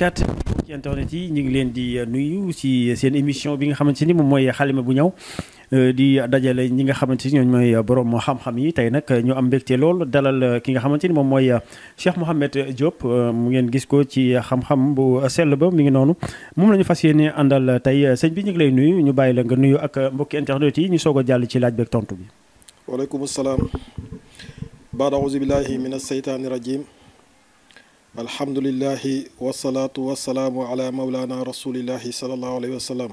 24 ci internet di euh, nuyu ci seen émission bi nga xamante ni moom mooy xalima bu ñaw euh, di dajale ñi nga xamante ni ñoom mooy borom xam-xam yi tey nag ñu am mbégte lool dalal euh, ki nga xamante ni moom mooy Cheikh Mouhamed Diop mu ngeen gis ko ci xam-xam bu sell ba mu ngi noonu moom la ñu fas yéene àndal tey sëñ bi ñu ngi lay nuyu ñu bàyyi la nga nuyu ak mbokki internet yi ñu soog a jàll ci laaj beeg tontu bi. waaleykum salaam. baada auzu billahi mina seytaani rajim. alhamdulilahi wasalaatu wasalaamu ala maulana rasulillahi salallahu alayhi wa sallam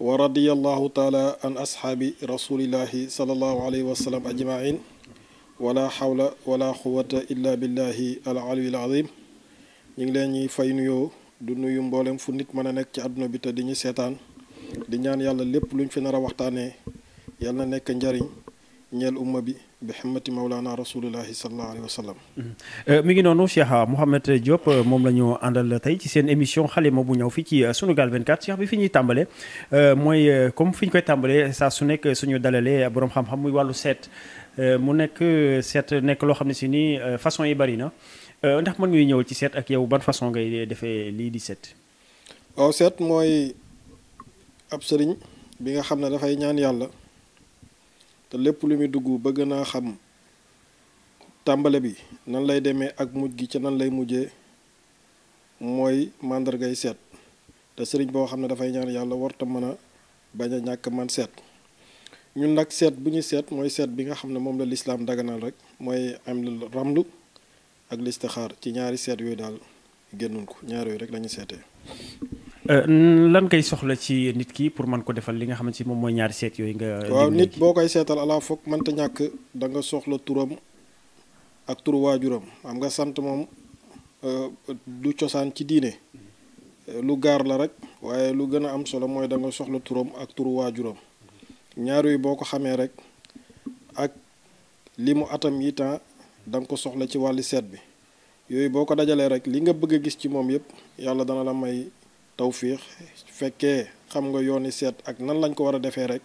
wa radiallahu taala an ashaabi rasulillahi salallahu alayhi wa sallam ajmain wala xawla la quwata illa billahi al aliyul azim ñu ngi leen ñuy fay nuyoo du nuyu mboolem fu nit mën a nekk ci àdduna bi te di ñu seetaan di ñaan yàlla lépp luñ fi nar a waxtaanee yàlla na nekk njariñ ñeel umma bi bi xamati mawlaana rasulillahi sallallahu alayhi wa euh, mi ngi noonu Cheikh Mouhamed Diop euh, moom la ñu àndal tey ci seen émission xalima bu ñëw fii ci euh, Sunugal 24 Cheikh bi fi ñu tàmbale mooy comme fi ñu koy tàmbalee saa su nekk suñu dalalee boroom xam-xam muy wàllu seet mu nekk seet nekk loo xam ne si nii façon yi bari na ndax mën ngay ñëw ci seet ak yow ban façon ngay defee lii di seet waaw seet mooy ab sëriñ bi nga xam ne dafay ñaan yàlla te lépp lu muy dugg bëgg naa xam tàmbale bi nan lay demee ak mujj gi ca nan lay mujjee mooy màndargay seet te sëriñ boo xam ne dafay ñaar yàlla warta mën a bañ a ñàkk man seet ñun nag seet bu ñuy seet mooy seet bi nga xam ne moom la lislaam daganal rek mooy am ramlu ak listixaar ci ñaari seet yooyu daal génnuñ ko ñaar yooyu rek lañu seetee Euh, lan ngay soxla ci nit kii pour mën ko defal li nga xamante ci moom mooy ñaari seet yooyu nga. waaw nit boo koy seetal ala foog mënta ñàkk da nga soxla turam ak turu waajuram am nga sant moom euh, du cosaan ci diine euh, lu gaar la rek waaye lu gën a am solo mooy da nga soxla turam ak turu waajuram ñaar yooyu boo ko xamee rek ak li mu atam yi temps da ko soxla ci wàllu seet bi yooyu boo ko dajalee rek li nga bëgg a gis ci moom yépp yàlla dana la may. tawfiix fekkee xam nga yoon yooni seet ak nan lañ ko war a defee rek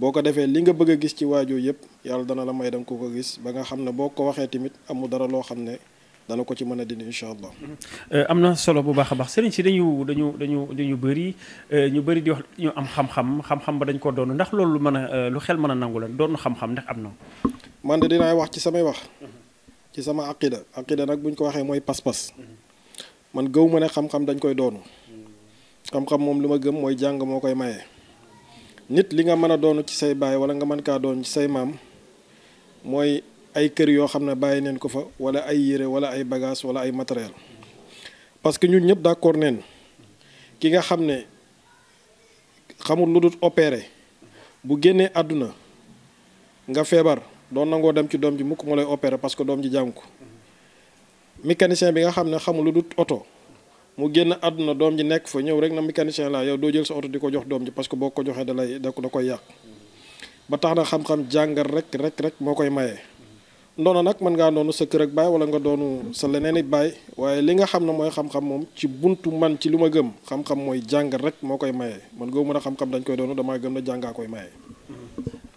boo ko defee li nga bëgg a gis ci waajur yëpp yàlla dana la may danga ko ko gis ba nga xam ne boo ko waxee tamit amul dara loo xam ne dana ko ci mën a dindi incha allah. Euh, am na solo bu baax a baax sëriñ si dañu dañu dañu dañu bëri euh, ñu bëri ñu am xam-xam ba dañ ko doon ndax loolu mën a euh, lu xel mën a nangu la doon xam-xam am na. man dinaa wax ci samay wax. ci sama aqida aqida nag bu ko waxee mooy pas-pas. Mhm. man gëw ma ne xam-xam dañ koy doonu xam-xam moom li ma gëm mooy jàng moo koy maye nit li nga mën a doon ci say baay wala nga mën kaa doon ci say maam mooy ay kër yoo xam ne bàyyi neen ko fa wala ay yére wala ay bagage wala ay matériel parce que ñun ñëpp d'accord neen ki nga xam ne xamut lu dut opéré bu génnee àdduna nga feebar doon nagoo dem ci doom ji mukk mu lay opéré parce que doom ji jàng ko mécanicien bi nga xam ne xamul lu dul oto mu génn àdduna doom ji nekk fa ñëw rek na mécanicien laa yow doo jël sa oto di ko jox doom ji parce que boo ko joxee da lay da koy yàq ba tax na xam-xam jàngal rek rek rek moo koy maye. ndono nag mën ngaa doonu sa kër ak baay wala nga doonu sa leneen baay waaye li nga xam ne mooy xam-xam moom ci buntu man ci lu ma gëm xam-xam mooy jàng rek moo koy maye man goo mën a xam-xam dañ koy doonu damaa gëm na jàngaa koy maye.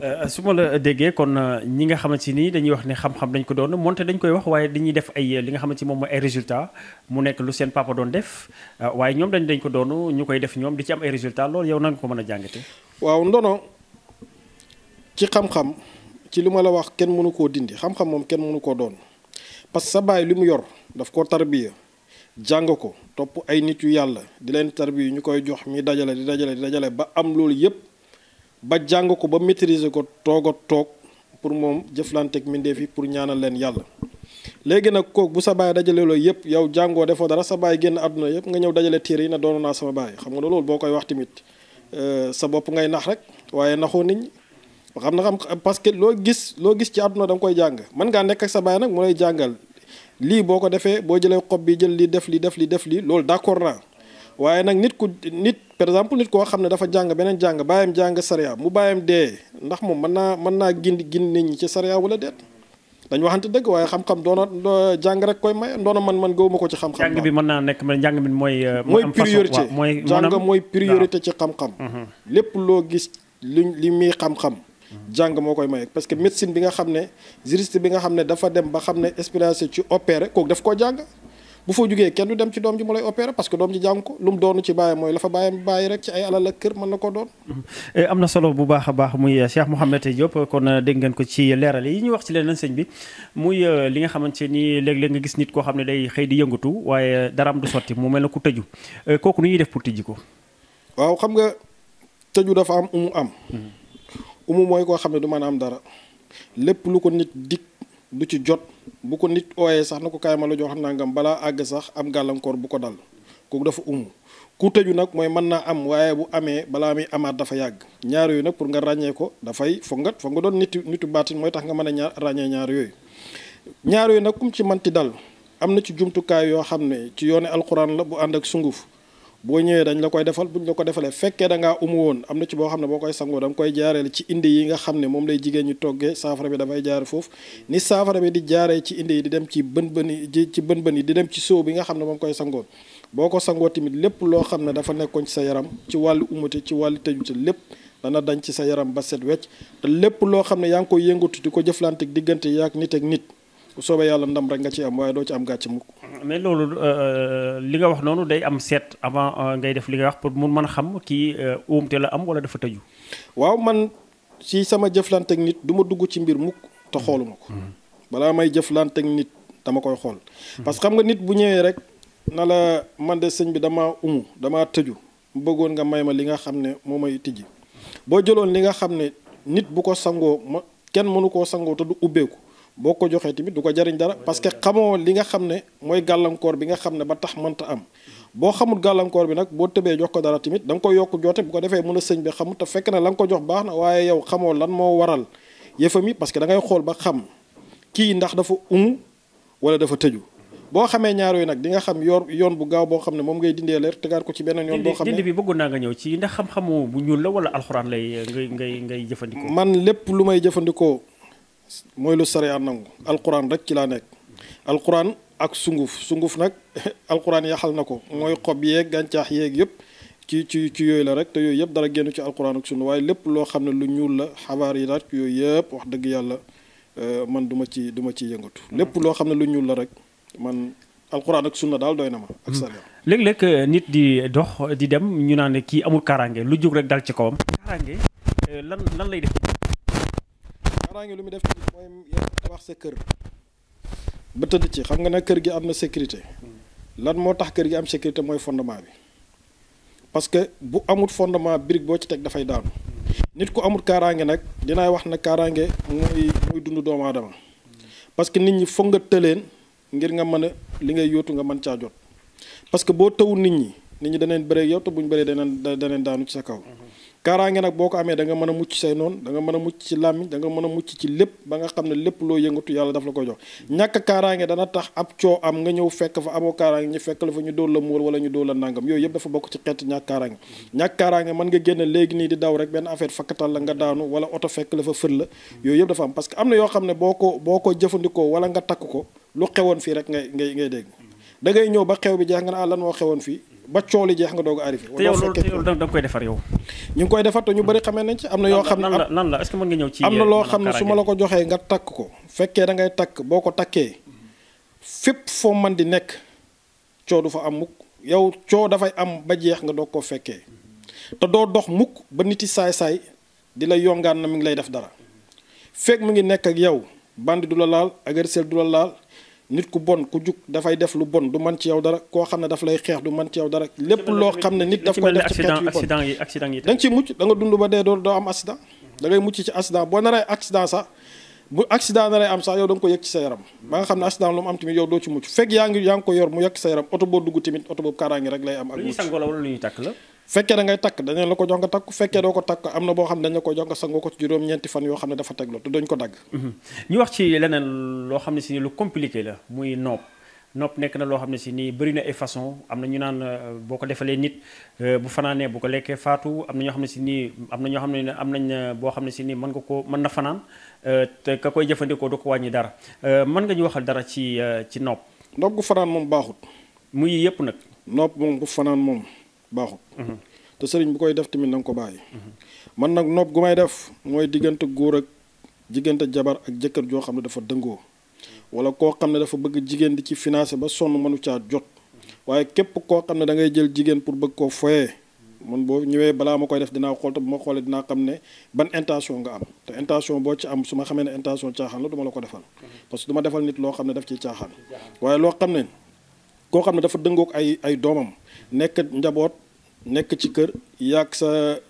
Euh, su ma la déggee kon euh, ñi nga xamante nii dañuy wax ne xam-xam dañ ko doon moonte dañ koy wax waaye di ñuy def ay li nga xamante ni moom mooy ay résultat mu nekk lu seen papa doon def euh, waaye ñoom dañ dañ ko doon ñu koy def ñoom di ci am ay résultat loolu yow nan ko mën a jàngate waaw ndono ci xam-xam ci li ma la wax kenn mënu koo dindi xam-xam moom kenn mënu koo doon parce que sa baay li mu yor daf ko tarbiya jàng ko topp ay nit yu yàlla di leen tarbiya ñu koy jox mi dajale di dajale di dajale ba am loolu yépp ba jàng ko ba maîtriser ko toog a toog pour moom jëflanteeg mbindeef yi pour ñaanal leen yàlla léegi nag kooku bu sa baay dajalee loolu yëpp yow jàngoo defoo dara sa baay génn àdduna yëpp nga ñëw dajale téere yi ne doon naa sama baay xam nga ne loolu boo koy wax tamit euh, sa bopp ngay nax rek waaye naxoo nit ñi xam na xam parce que loo gis loo gis ci àdduna danga koy jàng man ngaa nekk ak sa baay nag mu lay jàngal lii boo ko defee boo jëlee xob bi jël li def lii def lii def lii loolu d'accord naa waaye nag nit ku nit par exemple nit koo xam ne dafa jàng beneen jàng baayam jàng sariya mu bàyyam dee ndax moom mën naa mën naa gindi gindi nit ñi ci sariya wala déet dañ waxante dëgg waaye xam-xam doona jàng rek koy may doona man man gëwuma ko ci xam-xam mën naa nekk man jàng euh, mooy mooy priorité jàng mooy priorité ci xam mhm. lépp loo gis li li muy xam jàng moo koy may parce que médecine bi nga xam ne juriste bi nga xam ne dafa dem ba xam ne expérience ci opéré kook daf koo jàng bu fa jugee kenn du dem ci doom ji mu lay opéré parce que doom ji jàng ko lu mu doonu ci bàyyi mooy la fa bàyyam bàyyi rek ci ay alal ak kër mën na ko doon. Eh, am na solo bu baax a baax muy eh, Cheikh Mouhamed Diop kon eh, dégg ngeen ko ci leeral yi ñuy wax ci leneen sëñ bi nga xamante ni léeg-léeg nga gis nit koo xam ne day xëy di yëngatu waaye daraam du sotti mu mel na ku tëju kooku nu ñuy def pour tijji ko. waaw xam nga tëju dafa am umu am. Mm-hmm. umu mooy koo xam ne du mën am dara lépp lu ko nit dik du ci jot bu ko nit ooyee sax na ko kaay ma xam naa ngam balaa àgg sax am gàllankoor bu ko dal kooku dafa umu ku tëju nag mooy mën naa am waaye bu amee balaa muy amaat dafa yàgg ñaar yooyu nag pour nga ràññee ko dafay foog nga foog nga doon nitu nitu baatin mooy tax nga mën a ñaar ràññee ñaar yooyu ñaar yooyu nag kum ci manti dal am na ci jumtukaay yoo xam ne ci yoone alxuraan la bu ànd ak sunguf boo ñëwee dañ la koy defal buñ la ko defalee fekkee da ngaa umu woon am na ci boo xam ne boo koy sangoo da koy jaareel ci indi yi nga xam ne moom lay jigéen ñi toggee saafara bi dafay jaar foofu ni saafara bi di jaaree ci indi yi di dem ci bën bën yi ci bën bën yi di dem ci sóo bi nga xam ne moom koy sangoon boo ko sangoo tamit lépp loo xam ne dafa nekkoon ci sa yaram ci wàll umute ci wàllu tëjute lépp dana dañ ci sa yaram ba set wecc te lépp loo xam ne yaa ngi koy yëngatu di ko jëflante diggante yaak nit ak nit bu soobee yàlla ndam rek nga ci am waaye doo ci am gàcce mukk mais loolu euh, euh, li nga wax noonu day am seet avant euh, ngay def li nga wax pour mun mën a xam kii uumte la am wala dafa tëju. waaw man si sama jëflanteeg nit duma dugg ci mbir mukk te xooluma ko. Mm-hmm. balaa may jëflanteeg nit dama koy xool. parce que xam nga nit bu ñëwee rek na la man de sëñ bi dama umu damaa tëju bëggoon nga may ma li nga xam ne moo may tijji boo jëloon li nga xam ne nit bu ko sangoo ma kenn mënu koo sangoo te du ubbeeku. boo ko joxee tamit du ko jariñ dara parce que xamoo li nga xam ne mooy gàllankoor bi nga xam ne ba tax mënta am boo xamul gàllankoor bi nag boo tëbee jox ko dara tamit da nga koy yokk joote bu ko defee mën a sëñ bi xamut te fekk ko jox baax na waaye yow xamoo lan moo waral yëfam yi parce que da ngay xool ba xam kii ndax dafa umu wala dafa tëju boo xamee ñaar yooyu nag di nga xam yor yoon bu gaaw boo xam ne moom ngay dindee leer ko ci beneen yoon boo xam ne dindi bi bëggoon naa nga ñëw ci ndax xam-xamu bu ñuul la wala alxuraan lay ngay ngay jëfandikoo man lépp lu may jëfandikoo mooy lu sariya nangu alquran rek ci laa nekk alxuraan ak sunguf sunguf nag alquran yaxal na ko mooy xob yeeg gàncaax yeeg yëpp ci ci ci yooyu la rek te yooyu yëpp dara génn ci alquran ak sunna waaye lépp loo xam ne lu ñuul la xabaar yi daal yooyu yëpp wax dëgg yàlla euh, man du ma ci du ci yëngatu lépp loo xam ne lu ñuul rek man alquran ak sunna daal doy na ma ak mm. sariya léeg-léeg euh, nit di dox di dem ñu naan kii amul kaaraange lu jóg rek dal ci kawam kaaraange euh, lan lan lay def kaaraange lu mu def ci mooy yow tabax sa kër ci xam nga ne kër gi am na sécurité lan moo tax kër gi am sécurité mooy fondement bi parce que bu amul fondement brique boo ci teg dafay daanu nit ku amul kaaraange nag dinaay wax na kaaraange mooy mooy dund doomu aadama parce que nit ñi foog nga tëleen ngir nga mën a li ngay yóotu nga mën caa jot parce que boo tëwul nit ñi nit ñi daneen bëree yow te bu ñu bëree daneen daneen daanu ci sa kaw kaaraange nag boo ko amee da mën a mucc say noonu da nga mën a mucc ci làmmiñ da nga mën a mucc ci lépp ba nga xam ne lépp loo yëngatu yàlla daf la ko jox ñàkk kaaraange dana tax ab coo am nga ñëw fekk fa amoo kaaraange ñu fekk la fa ñu dóor la muur wala ñu dóor la nàngam yooyu yëpp dafa bokk ci xeet ñàkk kaaraange ñàkk kaaraange mën nga génn léegi nii di daw rek benn affaire fakkatal la nga daanu wala oto fekk la fa fër la yooyu yëpp dafa ko boo ko jëfandikoo wala nga takk ko lu xewoon ba xew bi jeex nga ne ah lan moo ba coow li jeex nga doog a arrivé. te yow loolu koy defar yow. ñu ngi koy defar te ñu bëri xamee nañ ci am na yoo xam ne lan la lan la est-ce que am na loo xam ne su ma la ko joxee nga takk ko fekkee da ngay takk boo ko takkee fépp foo man di nekk coow du fa am mukk yow coow dafay am ba jeex nga doog koo fekkee te doo dox mukk ba nit saay-saay di la yongaan na mu ngi lay def dara fekk mu ngi nekk ak yow bandi du la laal agresseur du la laal nit ku bon ku jug dafay def lu bon du man ci yow dara koo xam ne daf lay xeex du man ci yow dara lépp loo xam ne nit daf koy def ci xeet yu bon da nga mucc da dund ba dee doo doo am accident da ngay mucc ci accident boo naree accident sax bu accident naree am sax yow da ko yëg ci sa yaram ba nga xam ne accident lu mu am tamit yow doo ci mucc fekk yaa ngi yaa ngi ko yor mu yëg ci sa yaram oto dugg tamit oto boobu rek lay am ak fekkee da ngay takk dañu la ko jox nga takk fekkee doo ko takk am na boo xam ne dañu la ko jox nga sangoo ko ci juróom-ñeenti fan yoo xam ne dafa tegloo te duñ ko dagg. Mhm. ñu wax ci leneen loo xam ne si ni lu compliqué la muy noob nopp nekk na loo xam ne si nii bëri na ay façon am na ñu naan euh, boo ko defalee nit euh, bu fanaanee bu ko lekkee faatu am na ñoo xam ne si nii am na ñoo xam ne am nañ euh, boo xam ne si nii mën nga ko mën na fanaan te ka koy jëfandikoo du ko wàññi dara man nga ñu waxal dara ci ci nopp. nopp gu fanaan moom baaxut. muy yëpp nag. nopp moom gu fanaan moom. baaxut. te sëriñ bu koy def tamit na ko bàyyi. man nag nopp gu may def mooy diggante góor ak diggante jabar ak jëkkër joo xam ne dafa dëngoo. wala koo xam ne dafa bëgg jigéen di ci financé ba sonn mënu caa jot. waaye képp koo xam ne da jël jigéen pour bëgg koo foyee. man boo ñëwee balaa ma koy def dinaa xool ma xoolee dinaa xam ne ban intention nga am te intention boo ci am su ma xamee ne intention caaxaan la la ko defal. parce nit loo xam ne daf ciy caaxaan. waaye loo xam koo xam ne dafa dëngoog ay ay doomam nekk njaboot. nekk ci kër yàgg sa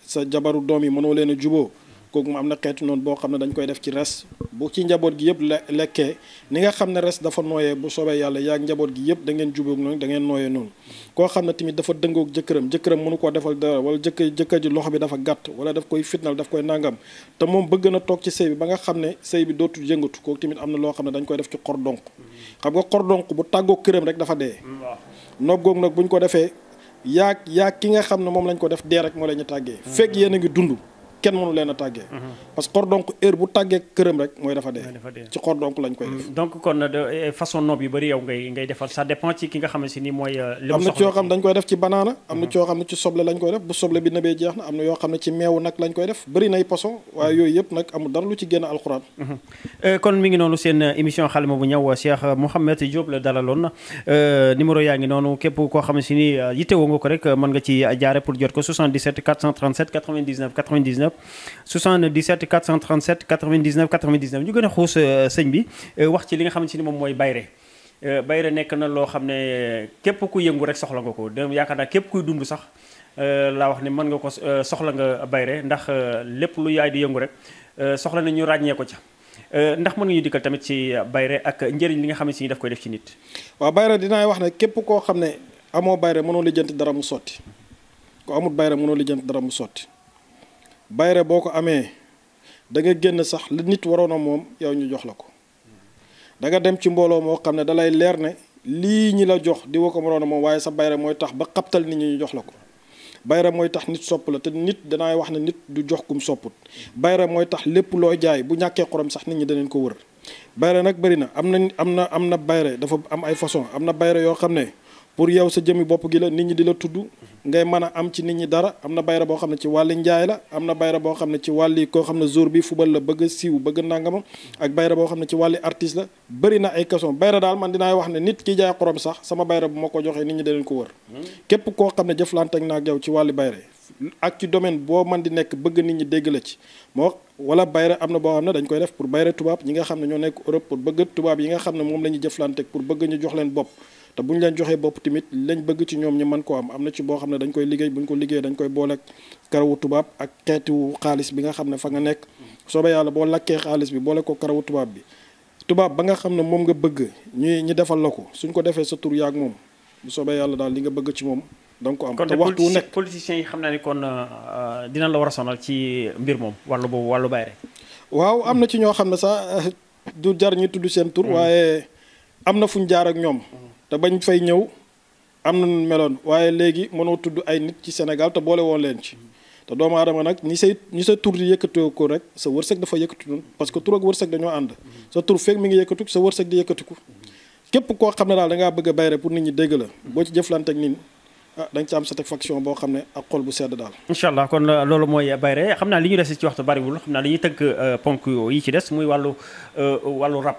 sa jabaru doom yi mënoo leen juboo kooku mu am na xeetu noonu boo xam ne dañ koy def ci res bu ci njaboot gi yëpp lekkee ni nga xam ne res dafa nooyee bu soobee yàlla yaag njaboot gi yëpp dangeen ngeen jubóog noonu da ngeen nooyee noonu koo xam ne tamit dafa dëngoog jëkkëram jëkkëram mënu koo defal wala jëkk jëkkër ji loxo bi dafa gàtt wala daf koy fitnal daf koy nangam te moom bëgg na toog ci sëy bi ba nga xam ne sëy bi dootul yëngatu kooku tamit am na loo xam ne dañ koy def ci xordonk xam nga xordonk bu tàggoog këram rek dafa dee mm, nob googu nag buñ ko defee yaa yaa ki nga xam ne moom lañ ko def dee rek moo la ñu tàggee. fekk yéen a ngi dund. kenn mënu leen a tàggee. Mhm. parce que xordonk heure bu tàggee këram rek mooy dafa dee. ci xordonk lañ koy mhm. def. donc kon e, e, façon noob yu bëri ngay defal ça dépend ci euh, banaana. am na mhm. ci soble lañ koy def bu soble bi nebee jeex na am na ci meewu nag lañ koy def bëri nay poson waaye yooyu yëpp nag amul dara lu ci génn alxuraan. Euh, kon mi ngi noonu seen euh, émission xalima bu ñëw Cheikh yaa ngi noonu képp koo xamante ni yittewoo nga ko rek mën nga ci jaare pour jot ko 77 77 437 99 99 ñu gën a xuus euh, sëñ bi euh, wax ci li nga xamante ni moom mooy bayre euh, bayre nekk na loo xam ne képp ku yëngu rek soxla nga ko dem yaakaar naa képp kuy dund sax laa wax ne mën nga ko soxla nga bayre ndax lépp lu yaay di yëngu rek soxla na ñu ràññee ko ca ndax mën nga ñu dikkal tamit ci bayre ak njëriñ li nga xam si ni daf koy def ci nit. waa bayre dinaa wax ne képp koo xam ne amoo bayre mënoo lijjanti dara mu sotti ku amut bayre mënoo lijjanti dara mu sotti. bayre boo ko amee da nga génn sax li nit waroon a moom yow ñu jox la ko danga dem ci mbooloo moo xam ne da leer ne lii ñi la jox di wa ko waroon a moom waaye sa bayre mooy tax ba xabtal nit ñi jox la ko bayre mooy tax nit sopp la te nit danaay wax ne nit du jox kum sopput bayre mooy tax lépp looy jaay bu ñàkkee xorom sax nit ñi danañ ko wër bayre nag bëri na am na am na am na bayre dafa am ay façon am na bayre yoo xam ne pour yow sa jëmmi bopp gi la nit ñi di la tudd ngay mën a am ci nit ñi dara am na bayra boo xam ne ci wàlli njaay la am na bayra boo xam ne ci wàlli koo xam ne jour bi fubal la bëgg a bëgg nangamam ak bayra boo xam ne ci wàlli artiste la bëri na ay question bayra daal man dinaay wax ne nit ki jaay xorom sax sama bayra bu ma ko joxee nit ñi daleen ko wër képp koo xam ne jëflante naa ak yow ci wàlli bayra ak ci domaine boo man di nekk bëgg nit ñi dégg la ci moo wala bayra am na boo xam ne dañ koy def pour bayra tubaab ñi nga xam ne ñoo nekk Europe pour bëgg tubaab yi nga xam ne moo la ñuy jëflante pour bëgg ñu jox leen bopp te bu ñu leen joxee bopp tamit lañ bëgg ci ñoom ñu man koo am am na ci boo xam ne dañ koy liggéey bu ñu ko liggéey dañ koy booleeg karawu tubaab ak xeetiwu xaalis bi nga xam ne fa nga nekk soobee yàlla boo lakkee xaalis bi boole ko karawu tubaab bi tubaab ba nga xam ne moom nga bëgg ñuy ñi defal la ko suñ ko defee sa tur yaag moom bu soobee yàlla daal li nga bëgg ci moom da nga ko am te waxtu wu nekk politiciens yi xam naa ni kon euh, euh, dina la war a sonal ci mbir moom wàllu boobu wàllu bay waaw am na ci ñoo xam ne sax du jar ñu tudd seen tur mm. waaye am na fuñ jaar ak ñoom te bañ fay ñëw am na nu meloon waaye léegi mënoo tudd ay nit ci Sénégal te boole woon leen ci te doomu adama nag ñi say ñi sa tur di yëkkatoo ko rek sa wërsëg dafa yëkkatu parce que tur ak wërsëg dañoo ànd sa tur fekk mi ngi yëkkatu sa wërsëg di yëkkatiku képp koo xam ne daal da bëgg bayre pour nit ñi dégg la boo ci jëflante ak nit ah da nga ci am satisfaction boo xam ne ak xol bu sedd daal incha allah kon euh, loolu mooy bayre xam naa li ñu des ci waxtu bariwul xam naa li ñuy tënk euh, ponk yi ci des muy wàllu euh, wàllu rab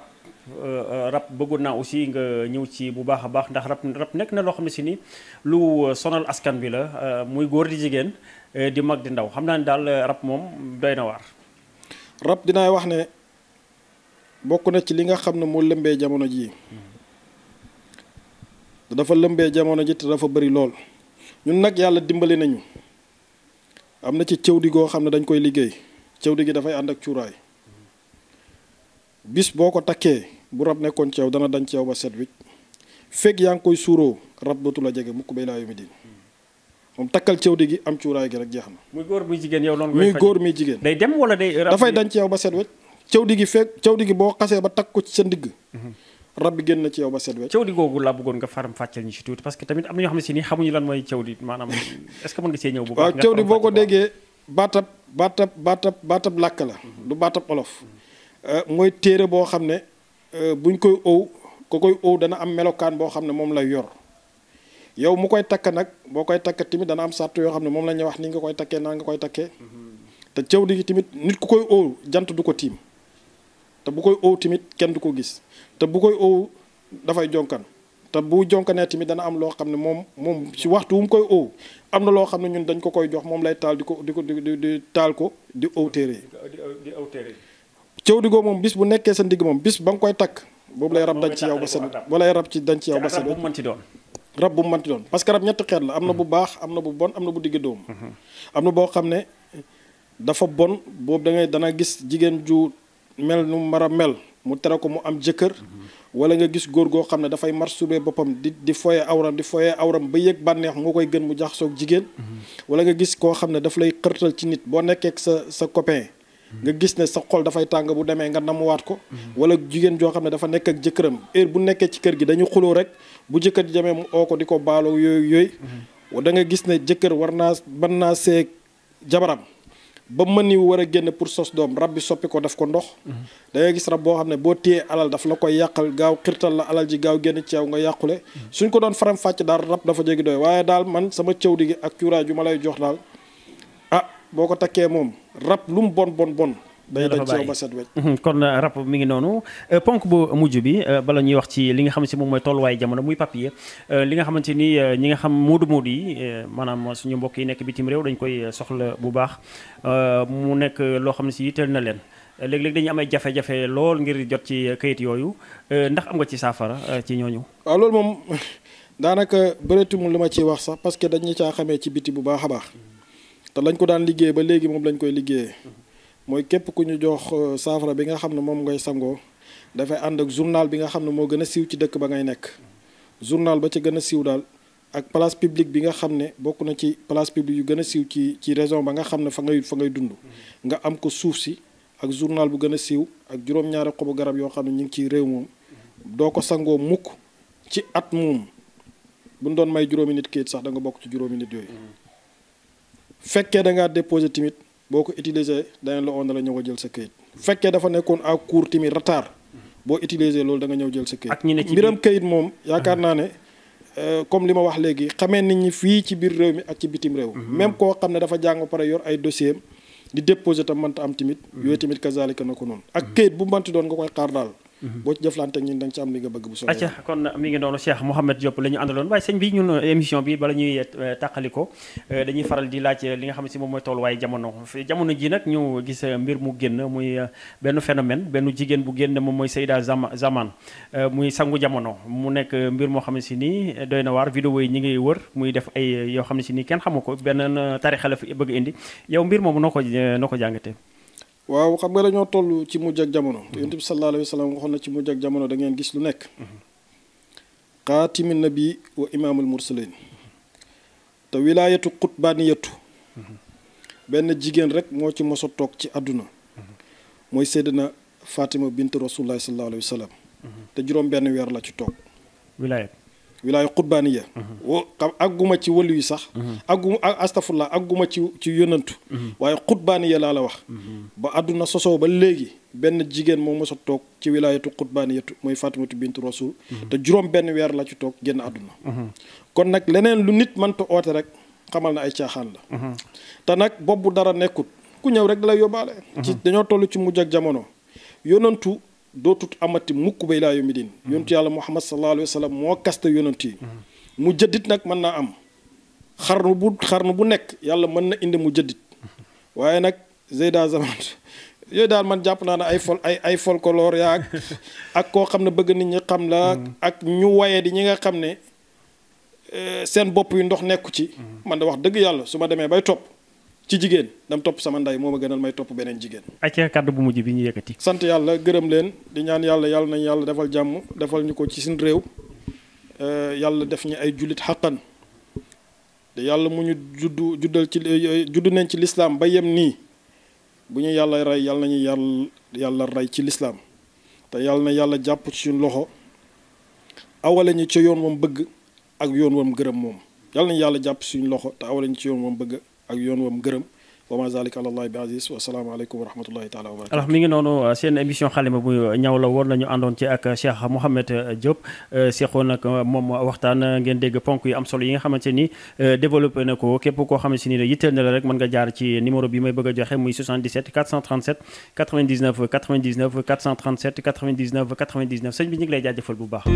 Euh, euh, rab bëggoon naa aussi nga ñëw ci bu baax a baax ndax rab rab nekk na loo xam ne si nii lu euh, sonal askan bi la muy góor di jigéen di mag di ndaw xam naa ne daal rab moom doy na waar. rab dinaay wax ne bokk na ci li nga xam ne moo lëmbee jamono jii dafa lëmbee jamono ji te dafa bari lool ñun nag yàlla dimbali nañu am na ci cëwdi goo xam ne dañ koy liggéey cëwdi gi dafay ànd ak cuuraay bis boo ko takkee. bu rab nekkoon ci yow dana dañ ci yow ba set fekk yaa ngi koy suuroo rab dootu la jege mukk bay laa yu diin moom takkal ceew di gi am cuuraay gi rek jeex na. muy góor muy jigéen yow noonu muy góor muy jigéen. day dem wala day. dafay dañ ci yow ba set wecc di gi fekk ceew di gi boo xasee ba takk ko ci sa ndigg. Mhm. rab bi génn na ci yow ba set wecc. di googu laa bëggoon nga faram fàcceel ñu si tuuti parce que tamit am na ñoo xam ne si nii xamuñu lan mooy ceew di maanaam est ce la. Mhm. du baatab olof. Mhm. Euh, mooy téere boo xam ne Euh, buñ koy ëw ko koy ëw dana am melokaan boo xam ne moom lay yor yow mu koy takk nag boo koy takk timit dana am sàrt yoo xam ne moom la ñuy wax ni nga koy takkee naa koy takkee te cëw di tamit nit ku koy ëw ko tiim te bu koy ëw tamit kenn du ko gis te bu koy ëw dafay jonkan te bu jonkanee tamit dana am loo xam ne moom moom ci waxtu wu mu koy ëw am na loo xam ne ñun dañ ko koy jox moom lay taal di ko di ko di di taal ko di ëw téere cëw digoo moom bis bu nekkee sa ndigg moom bis ba nga koy takk boobu lay rab dañ ci yow ba seen ba rab ci dañ ci yow ba seen rab bu mu mënti doon parce que rab ñetti xeet la am na bu baax am na bu bon am na bu digg dóomu mhm. am na boo xam ne dafa bon boobu da ngay dana gis jigéen ju mel nu mar a mel mu tere ko mu am jëkkër mhm. wala nga gis góor goo xam ne dafay masturbé boppam di di foye awram di foye awram ba yëg bànneex moo koy gën mu jaxasoog jigéen mhm. wala nga gis koo xam ne daf lay xërtal ci nit boo nekkee sa sa copain nga gis ne sa xol dafay tàng bu demee nga namuwaat ko wala jigéen joo xam ne dafa nekk ak jëkkëram heure bu nekkee ci kër gi dañu xuloo rek bu jëkkër jemee mu oo ko di ko baaloo yooyu yooyu da nga gis ne jëkkër war naa mën naa see jabaram ba mën ni war a génn pour sos doom rab bi soppi ko def ko ndox da ngay gis rab boo xam ne boo téyee alal daf la koy yàqal gaaw xirtal la alal ji gaaw génn ci yow nga yàqule suñ ko doon faram fàcc daal rab dafa jéggi doy waaye daal man sama cëw di ak cuuraay ju ma lay jox daal boo ko takkee moom rab lu mu bon bon bon. day dañ ci ba mhm, kon euh, rab mi ngi noonu euh, ponk bu mujj bi euh, bala ñuy wax ci li nga xamante si moom mooy tolluwaay jamono muy papier li nga xamante ni ñi nga xam muudu moodu yi maanaam suñu mbokk yi nekk bitim réew dañ koy soxla bu baax mu nekk loo xam ne si yitteel na leen léeg-léeg dañu am ay jafe-jafe lool ngir jot ci kayit yooyu ndax am nga ci saafara ci ñooñu. waaw loolu moom daanaka bëreetumul li ma ciy wax sax parce que dañu xamee ci biti bu baax a baax. te lañ ko daan liggéey ba léegi moom lañ koy liggéeyee mooy képp ku ñu jox euh, saafara bi nga xam ne moom ngay sangoo dafay ànd ak journal bi nga xam ne moo gën a siiw ci dëkk ba ngay nekk journal ba ci gën a siiw daal ak place bi nga xam ne bokk na ci place yu gën a siiw ci ci région ba nga xam ne fa ngay fa ngay dund nga am ko suuf si ak journal bu gën a siiw ak juróom-ñaari xobu garab yoo xam ne ñu ngi ciy réew moom doo ko sangoo mukk ci at moom buñ doon may juróomi nit kayit sax da nga bokk ci juróomi nit yooyu fekkee da ngaa déposé timit boo ko utilisé danañ la oo na la ñëw a jël sa kayit fekkee dafa nekkoon à court timit retard boo utilisé loolu da ñëw jël sa kayit. ak ñi ne ci mbiram kayit moom yaakaar naa ne. Euh, comme li ma wax léegi xamee nit ñi fii ci biir réew mi ak ci bitim réew. Mhm. même koo xam ne dafa jàng ba yor ay dossier di déposé tam mënta am timit. Mhm. yooyu tamit kazaalika na ko ak mhm. kayit bu mënti doon nga koy xaar daal. Mhm. boo ci jëflante ñun da nga ci am li nga bëgg bu soobee acca kon mi ngi noonu Cheikh Mouhamed Diop la ñu àndaloon waaye sëñ bi ñun euh, émission bi bala ñuy euh, tàqaliko euh, dañuy faral di laaj li nga xam ne si moom mooy tolluwaay jamono jamono ji nag ñu gis mbir mu génn muy benn phénomène benn jigéen bu génn moom mooy Seyda Zaman muy sangu jamono mu nekk mbir moo xam ne si nii doy na waar vidéo yi ñu ngi wër muy def ay yoo xam ne si nii kenn xamu ko benn tarixa la fi bëgg indi yow mbir moom noo ko noo ko jàngatee waaw xam nga dañoo toll ci mujj ak jamono te mhm. yonent bi sallallahu alayhi na ci mujj ak jamono da gis lu nekk mhm. xaatimi nabi wa imaamul mursalin te wilaayatu xutbaaniyatu mhm. benn jigéen rek moo ci mosa toog ci àdduna mooy seydina Fatima bint Rasulullahi sallallahu alayhi wa sallam te juróom benn weer la ci toog wilaaya qurbaaniya agguma ci wali yu sax aggu astafurla agguma ci ci yónnantu waaye qurbaaniya laa la wax ba àdduna sosoo ba léegi benn jigéen moo mos toog ci wilaayatu qurbaaniyatu mooy fatimatu bintu rasul mhm. te juróom benn weer la ci toog genn àdduna mhm. kon nag leneen lu nit mënta oote rek xamal na ay caaxaan la mhm. te nag bu dara nekkut ku ñëw rek da lay yóbbaale ci dañoo toll ci mujj ak jamono yónnantu dootut amati mukk bay laa yawmi diin mhm. yonentu yàlla muhammad sallallahu alayhi wa sallam moo kaste yonent yi mhm. mu jëddit nag mën naa am xarnu bu xarnu bu nekk yàlla mën na indi mu jëddit mhm. waaye nag zeyda zaman yooyu daal man jàpp naa ne ay fol ay ay folklore yaag ak koo xam ne bëgg nit ñi xam la ak ñu waye di ñi nga xam ne eh, seen bopp yu ndox nekku ci man da wax dëgg yàlla su ma demee bay topp ci jigéen dam topp sama nday moom a gënal may topp beneen jigéen. ayca kàddu bu mujj bi ñu yëkkati. sant yàlla gërëm leen di ñaan yàlla yàlla nañ yàlla defal jàmm defal ñu ko ci suñu réew eh, yàlla def ñu ay jullit xàqan te yàlla mu ñu juddu juddal ci eh, juddu nañ ci lislaam ba yem nii bu ñu yàlla rey yàlla nañu yàlla yàlla rey ci lislaam te yàlla na yàlla jàpp ci suñu loxo awale ñu ci yoon wam bëgg ak yoon wam gërëm moom yàlla nañu yàlla jàpp suñu loxo te awale ñu ci yoon wam bëgg. ak yoon wam gërëm wa ma zalika ala bi aziz wa salaamu aleykum wa rahmatullahi wa barakatu alors mi ngi noonu euh, seen émission xalima bu ñaw la woon la ñu àndoon ci ak euh, Cheikh Mouhamed euh, Diop seqoon nag moom waxtaan ngeen dégg ponk yu am solo yi nga xamante ni développé na ko képp koo xamante ni yitteel na la rek mën nga jaar ci numéro bi may bëgg a joxe muy 77 437 99 99 437 99 99 sëñ bi ñu ngi lay jaajëfal bu baax